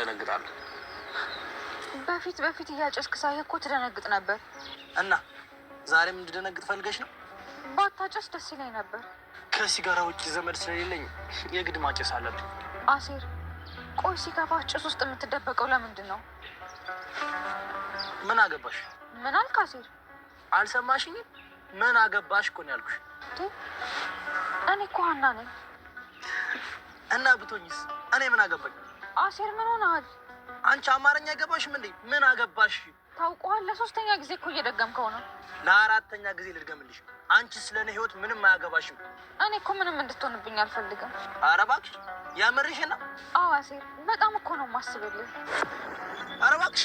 ትደነግጣለህ። በፊት በፊት እያጨስክ ሳይህ እኮ ትደነግጥ ነበር እና ዛሬም እንድደነግጥ ፈልገሽ ነው? ባታጨስ ደስ ይለኝ ነበር። ከሲጋራ ውጭ ዘመድ ስለሌለኝ የግድ ማጨስ አለብኝ። አሴር፣ ቆይ ሲከፋህ ጭስ ውስጥ የምትደበቀው ለምንድን ነው? ምን አገባሽ? ምን አልክ አሴር? አልሰማሽኝም? ምን አገባሽ እኮ ነው ያልኩሽ። እኔ እኮ ሀና ነኝ። እና ብቶኝስ? እኔ ምን አገባኝ? አሴር ምን ሆነሃል? አንቺ አማርኛ አይገባሽም እንዴ? ምን አገባሽ? ታውቀዋል። ለሶስተኛ ጊዜ እኮ እየደገምከው ነው። ለአራተኛ ጊዜ ልድገምልሽ። አንቺ ስለ እኔ ህይወት ምንም አያገባሽም። እኔ እኮ ምንም እንድትሆንብኝ አልፈልግም። ኧረ እባክሽ ያምርሽ ነው። አዎ አሴር፣ በጣም እኮ ነው ማስብልህ። ኧረ እባክሽ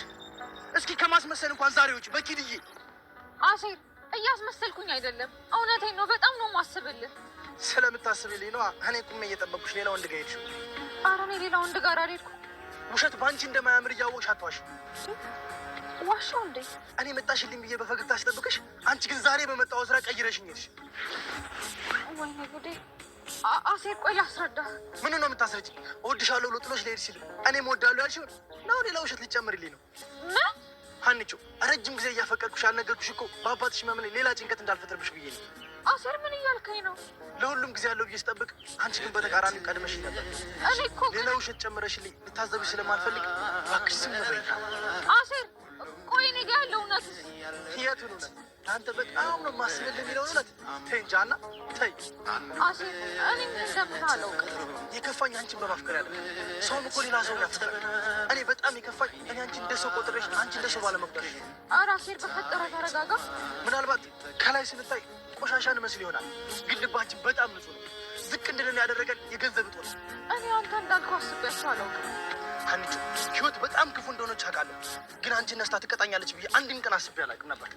እስኪ ከማስመሰል እንኳን ዛሬዎች በኪድዬ አሴር፣ እያስመሰልኩኝ አይደለም፣ እውነቴን ነው። በጣም ነው ማስብልህ ስለምታስብልኝ ነዋ። እኔ ቁሜ እየጠበኩሽ ሌላ ወንድ ጋር ሄድሽ። አረ እኔ ሌላ ወንድ ጋር አልሄድኩም። ውሸት በአንቺ እንደማያምር እያወቅሽ አትዋሽ። ዋሻው እንዴ? እኔ መጣሽልኝ ብዬ በፈገግታ ስጠብቅሽ፣ አንቺ ግን ዛሬ በመጣው ስራ ቀይረሽኝ ሄድሽ። ወይኔ ጉዴ! አሴ ቆይ ላስረዳ። ምን ነው የምታስረጭ? እወድሻለሁ ብሎ ጥሎሽ ሊሄድ ሲል እኔ እወዳለሁ ያልሽው ነው ሌላ ውሸት ልጨምርልኝ ነው? ሀኒቾ ረጅም ጊዜ እያፈቀድኩሽ አልነገርኩሽ እኮ በአባትሽ መምን ሌላ ጭንቀት እንዳልፈጥርብሽ ብዬ ነው አሴር ምን እያልከኝ ነው? ለሁሉም ጊዜ ያለው ብዬ ስጠብቅ፣ አንቺ ግን በተቃራኒ ቀድመሽ ነበር። እኔ እኮ ሌላ ውሸት ጨምረሽልኝ ልታዘብሽ ስለማልፈልግ እባክሽ ዝም አለው አንተ በጣም ነው ማስበል የሚለውን እውነት ተይ ተይ። የከፋኝ አንቺን በማፍቀር ያለ ሰውም እኮ ሌላ ሰው ያፍቅር። እኔ በጣም የከፋኝ እኔ አንቺ እንደ ሰው ቆጥረሽ አንቺ እንደ ሰው ባለመቁጠር። ኧረ በፈጠረ ተረጋጋ። ምናልባት ከላይ ስንታይ ቆሻሻን መስል ይሆናል፣ ግን ልባችን በጣም ንጹህ ነው። ዝቅ እንድንል ያደረገን የገንዘብ እጦት። እኔ አንተ እንዳልኩህ አስቤያቸው አላውቅም አንችል። ህይወት በጣም ክፉ እንደሆነች አውቃለሁ፣ ግን አንቺ ነስታ ትቀጣኛለች ብዬ አንድም ቀን አስቤ አላውቅም ነበር።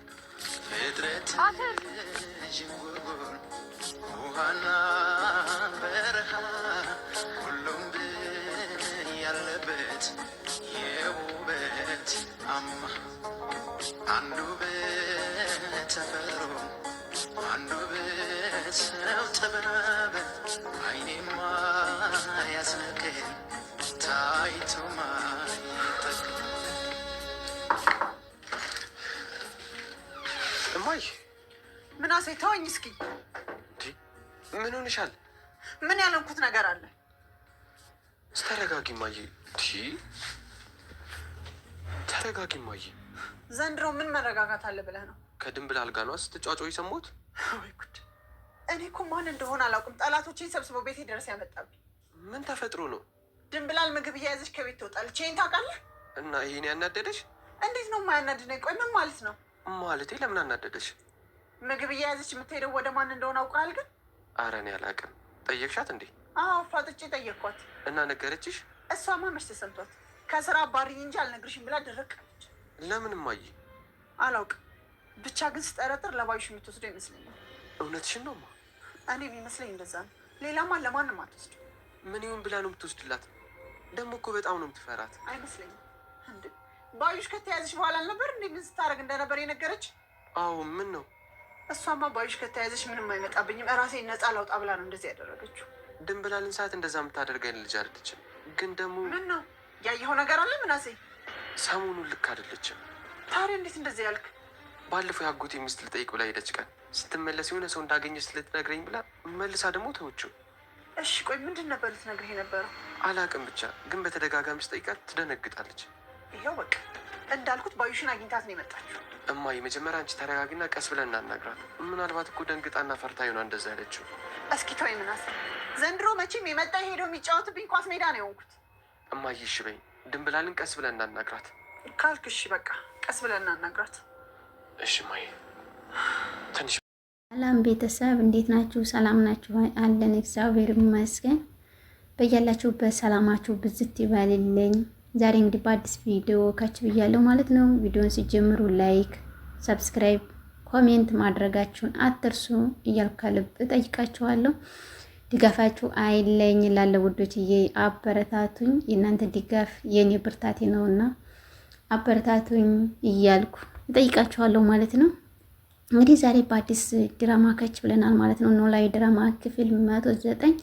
ውሃና በረሃ ሁሉም ያለበት የውበት አማ አንዱ ሞገሴ ተወኝ እስኪ። ምን ሆንሻል? ምን ያለንኩት ነገር አለ? ተረጋጊ ማዬ፣ ተረጋጊ ማዬ። ዘንድሮ ምን መረጋጋት አለ ብለህ ነው? ከድንብላል ጋር ነዋ ስትጫጫ የሰማሁት። ወይ ጉድ! እኔ እኮ ማን እንደሆነ አላውቅም። ጠላቶቼን ሰብስበው ቤቴ ድረስ ያመጣብኝ። ምን ተፈጥሮ ነው? ድንብላል ምግብ እየያዘች ከቤት ትወጣለች። ይሄን ታውቃለህ? እና ይሄን ያናደደሽ እንዴት ነው? የማያናድደኝ? ቆይ ምን ማለት ነው? ማለቴ ለምን አናደደች? ምግብ እየያዘች የምትሄደው ወደ ማን እንደሆነ አውቃል? ግን አረኔ እኔ አላውቅም። ጠየቅሻት እንዴ? አዎ አፋጥጬ ጠየቅኳት። እና ነገረችሽ? እሷማ መች ተሰምቷት ከስራ አባሪኝ እንጂ አልነግርሽም ብላ ደረቀች። አለች። ለምን እማዬ? አላውቅም ብቻ ግን ስጠረጥር ለባዩሽ የምትወስደው ይመስለኛል። እውነትሽን ነው ማ? እኔ የሚመስለኝ እንደዛ ነው። ሌላማ ለማንም አትወስዱ። ምን ይሁን ብላ ነው የምትወስድላት? ደግሞ እኮ በጣም ነው የምትፈራት። አይመስለኝም እንዴ ባዩሽ ከተያዘች በኋላ አልነበር እንዴ ምን ስታደርግ እንደነበር የነገረች? አዎ ምን ነው እሷማ ባዩሽ ከተያዘች ምንም አይመጣብኝም እራሴ ነፃ ላውጣ ብላ ነው እንደዚህ ያደረገችው። ድንብላልን ሰዓት እንደዛ የምታደርገኝ ልጅ አይደለችም። ግን ደግሞ ምን ነው ያየኸው ነገር አለ ምናሴ? ሰሞኑን ልክ አይደለችም። ታዲያ እንዴት እንደዚህ ያልክ? ባለፈው ያጎቴ ሚስት ልጠይቅ ብላ ሄደች። ቀን ስትመለስ የሆነ ሰው እንዳገኘች ስለትነግረኝ ብላ መልሳ ደግሞ ተወችው። እሺ ቆይ ምንድን ነበር ልትነግርህ የነበረው? አላውቅም ብቻ ግን በተደጋጋሚ ስጠይቃት ትደነግጣለች። ይኸው በቃ እንዳልኩት ባዩሽን አግኝታት ነው የመጣችው። እማዬ መጀመሪያ አንቺ ተረጋግና ቀስ ብለን እናናግራት። ምናልባት እኮ ደንግጣና ፈርታ ይሆና እንደዛ ያለችው። እስኪ ተወኝ ምናስ፣ ዘንድሮ መቼም የመጣ ሄዶ የሚጫወትብኝ ኳስ ሜዳ ነው የሆንኩት። እማዬ እሺ በይኝ፣ ድንብላልን ቀስ ብለን እናናግራት ካልክ እሺ በቃ ቀስ ብለን እናናግራት። እሺ ማይ ትንሽ። ሰላም ቤተሰብ እንዴት ናችሁ? ሰላም ናችሁ? አለን እግዚአብሔር ይመስገን። በያላችሁበት ሰላማችሁ ብዝት ይበልልኝ። ዛሬ እንግዲህ በአዲስ ቪዲዮ ካች ብያለሁ ማለት ነው። ቪዲዮን ሲጀምሩ ላይክ፣ ሰብስክራይብ፣ ኮሜንት ማድረጋችሁን አትርሱ እያልኩ ከልብ እጠይቃችኋለሁ። ድጋፋችሁ አይለኝ እላለሁ ውዶችዬ፣ አበረታቱኝ። የእናንተ ድጋፍ የኔ ብርታቴ ነውና አበረታቱኝ እያልኩ እጠይቃችኋለሁ ማለት ነው። እንግዲህ ዛሬ በአዲስ ድራማ ከች ብለናል ማለት ነው። ኖላዊ ድራማ ክፍል መቶ ዘጠኝ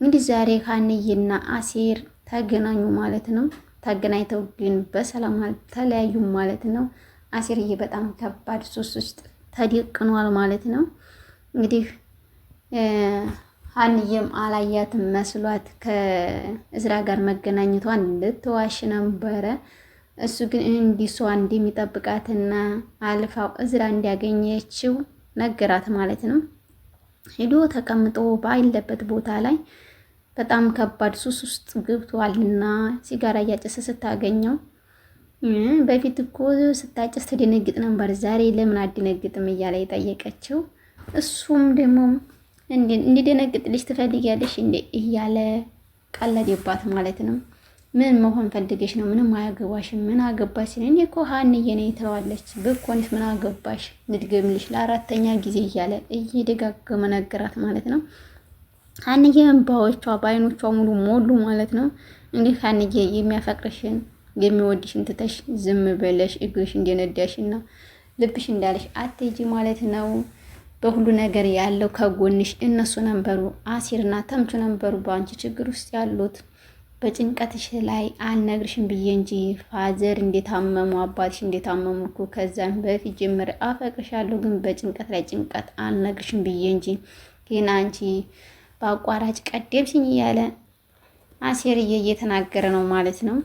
እንግዲህ ዛሬ ሀንዬና አሴር ተገናኙ ማለት ነው። ተገናኝተው ግን በሰላም አልተለያዩም ማለት ነው። አሲርዬ በጣም ከባድ ሱስ ውስጥ ተደቅኗል ማለት ነው። እንግዲህ ሀንዬም አላያት መስሏት ከእዝራ ጋር መገናኘቷን ልትዋሽ ነበረ። እሱ ግን እንዲሷ እንደሚጠብቃትና አልፋው እዝራ እንዲያገኘችው ነገራት ማለት ነው። ሄዶ ተቀምጦ ባለበት ቦታ ላይ በጣም ከባድ ሱስ ውስጥ ገብቷልና ሲጋራ እያጨሰ ስታገኘው በፊት እኮ ስታጨስ ትደነግጥ ነበር፣ ዛሬ ለምን አደነግጥም እያለ የጠየቀችው እሱም ደግሞ እንዲደነግጥ ልጅ ትፈልጊያለሽ እንዴ እያለ ቀለደባት ማለት ነው። ምን መሆን ፈልገሽ ነው? ምንም አያገባሽ። ምን አገባሽ? እኔ እኮ ሀንዬ ነኝ ትለዋለች። ብኮንሽ ምን አገባሽ? ልድገምልሽ ለአራተኛ ጊዜ እያለ እየደጋገመ ነገራት ማለት ነው። ሀንዬ እንባዎቿ በአይኖቿ ሙሉ ሞሉ ማለት ነው። እንግዲህ ሀንዬ የሚያፈቅርሽን የሚወድሽን ትተሽ ዝም ብለሽ እግርሽ እንደነዳሽና ልብሽ እንዳለሽ አትሄጂ ማለት ነው። በሁሉ ነገር ያለው ከጎንሽ እነሱ ነበሩ። አሲርና ተምቹ ነበሩ በአንቺ ችግር ውስጥ ያሉት። በጭንቀትሽ ላይ አልነግርሽም ብዬ እንጂ ፋዘር እንደታመሙ አባትሽ እንደታመሙ እኮ ከዛም በፊት ጀምሬ አፈቅርሻለሁ፣ ግን በጭንቀት ላይ ጭንቀት አልነግርሽም ብዬ እንጂ ግን አንቺ በአቋራጭ ቀደምሽኝ እያለ አሴርዬ እየተናገረ ነው ማለት ነው።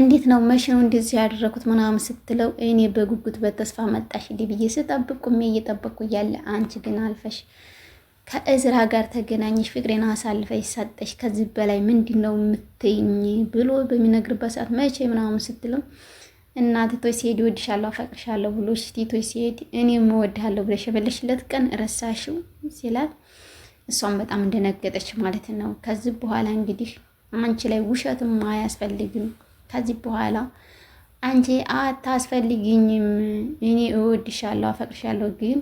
እንዴት ነው መቼ ነው እንደዚህ ያደረኩት ምናምን ስትለው እኔ በጉጉት በተስፋ መጣሽ ዲ ብዬ ስጠብቁ ሜ እየጠበቅኩ እያለ አንቺ ግን አልፈሽ ከእዝራ ጋር ተገናኘሽ፣ ፍቅሬን አሳልፈሽ ሰጠሽ። ከዚህ በላይ ምንድን ነው የምትይኝ ብሎ በሚነግርበት ሰዓት መቼ ምናምን ስትለው እና ቲቶች ሲሄድ እወድሻለሁ አፈቅርሻለሁ ብሎ ቲቶች ሲሄድ እኔ እወድሃለሁ ብለሽ የመለሽለት ቀን ረሳሽው ሲላት እሷም በጣም እንደነገጠች ማለት ነው። ከዚህ በኋላ እንግዲህ አንቺ ላይ ውሸትም አያስፈልግም። ከዚህ በኋላ አንቺ አታስፈልግኝም። እኔ እወድሻለሁ፣ አፈቅርሻለሁ። ግን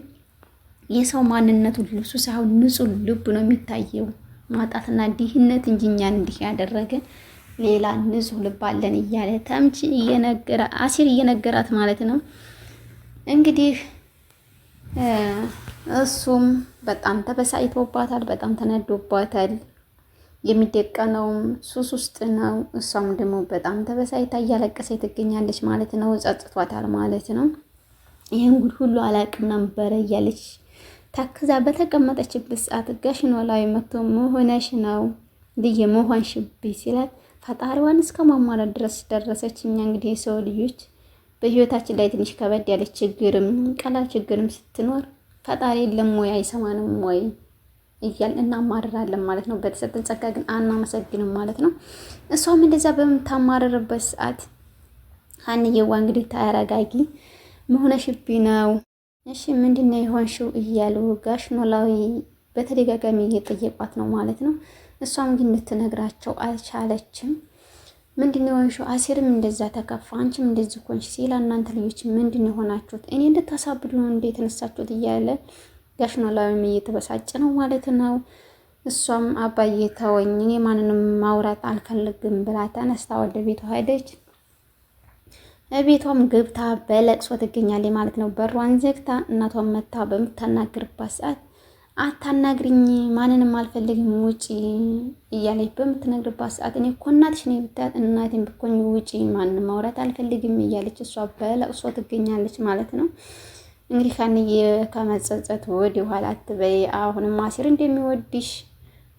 የሰው ማንነቱ ልብሱ ሳይሆን ንጹሕ ልብ ነው የሚታየው። ማጣትና ድህነት እንጂ እኛን እንዲህ ያደረገ ሌላ ንጹሕ ልብ አለን እያለ ተምች እየነገራ አሲር እየነገራት ማለት ነው እንግዲህ እሱም በጣም ተበሳጭቶባታል፣ በጣም ተነዶባታል። የሚደቀነውም ሱስ ውስጥ ነው። እሷም ደግሞ በጣም ተበሳጭታ እያለቀሰ ትገኛለች ማለት ነው። ጸጥቷታል ማለት ነው። ይህን ጉድ ሁሉ አላቅም ነበረ እያለች ታክዛ በተቀመጠችበት ሰዓት ጋሽ ኖላዊ መቶ መሆነሽ ነው ልዬ መሆን ሽብ ሲላት ፈጣሪዋን እስከ ማማረር ድረስ ደረሰች። እኛ እንግዲህ የሰው ልጆች በህይወታችን ላይ ትንሽ ከበድ ያለ ችግርም ቀላል ችግርም ስትኖር ፈጣሪ የለም ወይ አይሰማንም ወይ እያልን እናማርራለን ማለት ነው። በተሰጠን ጸጋ ግን አናመሰግንም ማለት ነው። እሷም እንደዛ በምታማርርበት ሰዓት ሀንዬዋ እንግዲህ ተረጋጊ መሆነሽቢ ነው እሺ፣ ምንድነው የሆንሽው እያሉ ጋሽ ኖላዊ በተደጋጋሚ እየጠየቋት ነው ማለት ነው። እሷም ግን ልትነግራቸው አልቻለችም። ምንድን የሆንሽው? አሴርም እንደዛ ተከፋ፣ አንቺም እንደዚህ ኮንሽ ሲላ፣ እናንተ ልጆች ምንድን የሆናችሁት? እኔ እንድታሳብዱ ነው እንዴ የተነሳችሁት? እያለ ጋሽ ኖላዊም እየተበሳጨ ነው ማለት ነው። እሷም አባዬ ተወኝ፣ እኔ ማንንም ማውራት አልፈልግም ብላ ተነስታ ወደ ቤቷ ሄደች። ቤቷም ገብታ በለቅሶ ትገኛለች ማለት ነው። በሯን ዘግታ እናቷን መታ በምታናግርባት ሰዓት አታናግርኝ፣ ማንንም አልፈልግም ውጪ እያለች በምትነግርባት ሰዓት እኔ እኮ እናትሽ ነኝ ብታት እናቴን ብኮኝ ውጪ ማንም ማውራት አልፈልግም እያለች እሷ በለቅሶ ትገኛለች ማለት ነው። እንግዲህ ካንዬ ከመጸጸት ወዲ ኋላ አትበይ። አሁንም አሲር እንደሚወድሽ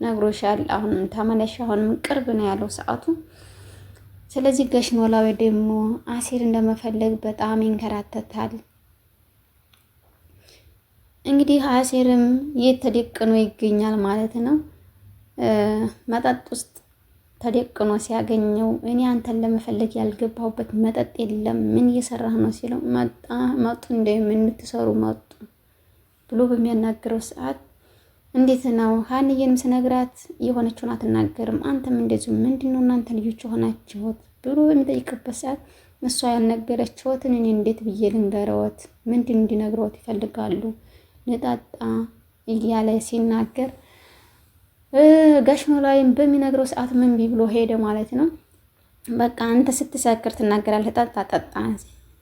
ነግሮሻል። አሁንም ተመለሽ። አሁንም ቅርብ ነው ያለው ሰዓቱ። ስለዚህ ጋሽ ኖላዊ ደግሞ አሲር እንደመፈለግ በጣም ይንከራተታል። እንግዲህ አሴርም ተደቅኖ ይገኛል ማለት ነው። መጠጥ ውስጥ ተደቅኖ ሲያገኘው እኔ አንተን ለመፈለግ ያልገባሁበት መጠጥ የለም ምን እየሰራህ ነው ሲለው መጡ እንደ የምትሰሩ መጡ ብሎ በሚያናግረው ሰዓት እንዴት ነው ሀንዬንም ስነግራት የሆነችውን አትናገርም፣ አንተም እንደዚሁ ምንድን ነው እናንተ ልጆች የሆናችሁት ብሎ በሚጠይቅበት ሰዓት እሷ ያልነገረችዎትን እኔ እንዴት ብዬ ልንገረዎት? ምንድን እንዲነግረዎት ይፈልጋሉ? ንጣጣ እያለ ሲናገር ጋሽ ኖላዊም በሚነግረው ሰዓት ምንቢ ብሎ ሄደ ማለት ነው። በቃ አንተ ስትሰክር ትናገራለህ፣ ጠጣ ጠጣ፣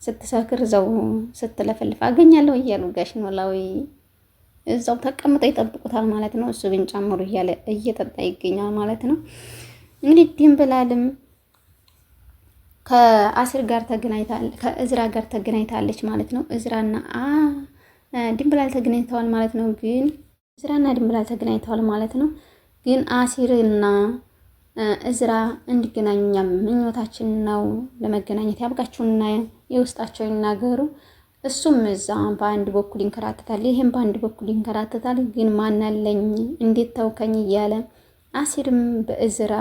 ስትሰክር ዘው ስትለፈልፍ አገኛለሁ እያሉ ጋሽ ኖላዊ እዛው ተቀምጠው ይጠብቁታል ማለት ነው። እሱ ግን ጨምሩ እያለ እየጠጣ ይገኛል ማለት ነው። እንግዲህ ድንብላልም ከአስር ጋር ተገናኝታለች ከእዝራ ጋር ተገናኝታለች ማለት ነው። እዝራና ድንብላል ተገናኝተዋል ማለት ነው። ግን እዝራና ድንብላል ተገናኝተዋል ማለት ነው። ግን አሲርና እዝራ እንዲገናኙ ምኞታችን ነው። ለመገናኘት ያብቃችሁና የውስጣቸው ይናገሩ። እሱም እዛ በአንድ በኩል ይንከራተታል፣ ይህም በአንድ በኩል ይንከራተታል። ግን ማናለኝ እንዴት ተውከኝ እያለ አሲርም በእዝራ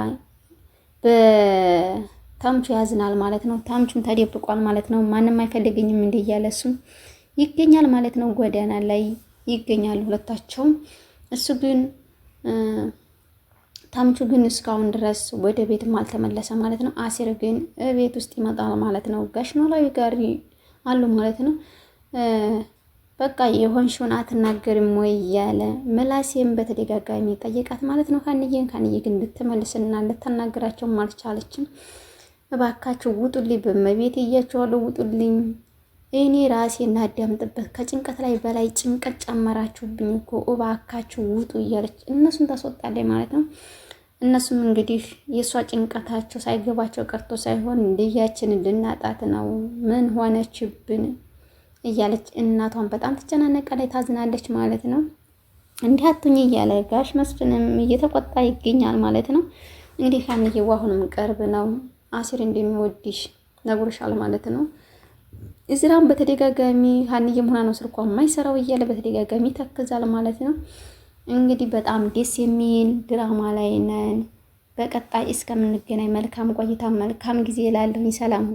በታምቹ ያዝናል ማለት ነው። ታምቹም ተደብቋል ማለት ነው። ማንም አይፈልገኝም እንደ እያለ እሱም ይገኛል ማለት ነው። ጎዳና ላይ ይገኛሉ ሁለታቸውም። እሱ ግን ታምቹ ግን እስካሁን ድረስ ወደ ቤትም አልተመለሰ ማለት ነው። አሲር ግን ቤት ውስጥ ይመጣል ማለት ነው። ጋሽ ኖላዊ ጋር አሉ ማለት ነው። በቃ የሆንሽውን አትናገርም ወይ እያለ ምላሴም በተደጋጋሚ ጠየቃት ማለት ነው። ካንዬን ካንዬ ግን ልትመልስና ልታናግራቸውም አልቻለችም። እባካችሁ ውጡልኝ፣ በመቤት እያቸዋለሁ፣ ውጡልኝ እኔ ራሴ እናዳምጥበት ከጭንቀት ላይ በላይ ጭንቀት ጨመራችሁብኝ እኮ እባካችሁ ውጡ እያለች እነሱን ታስወጣለች ማለት ነው። እነሱም እንግዲህ የእሷ ጭንቀታቸው ሳይገባቸው ቀርቶ ሳይሆን ልያችን ልናጣት ነው፣ ምን ሆነችብን እያለች እናቷን በጣም ላይ ታዝናለች ማለት ነው። እንዲህ አትሁኝ እያለ ጋሽ መስፍንም እየተቆጣ ይገኛል ማለት ነው። እንግዲህ ሀንዬ አሁንም ቅርብ ነው አሲር እንደሚወድሽ ነግሮሻል ማለት ነው። እዝራም በተደጋጋሚ ሀንዬም ሆና ነው ስልኳ የማይሰራው እያለ በተደጋጋሚ ተክዛል ማለት ነው። እንግዲህ በጣም ደስ የሚል ድራማ ላይ ነን። በቀጣይ እስከምንገናኝ መልካም ቆይታ፣ መልካም ጊዜ ላለሁኝ ሰላም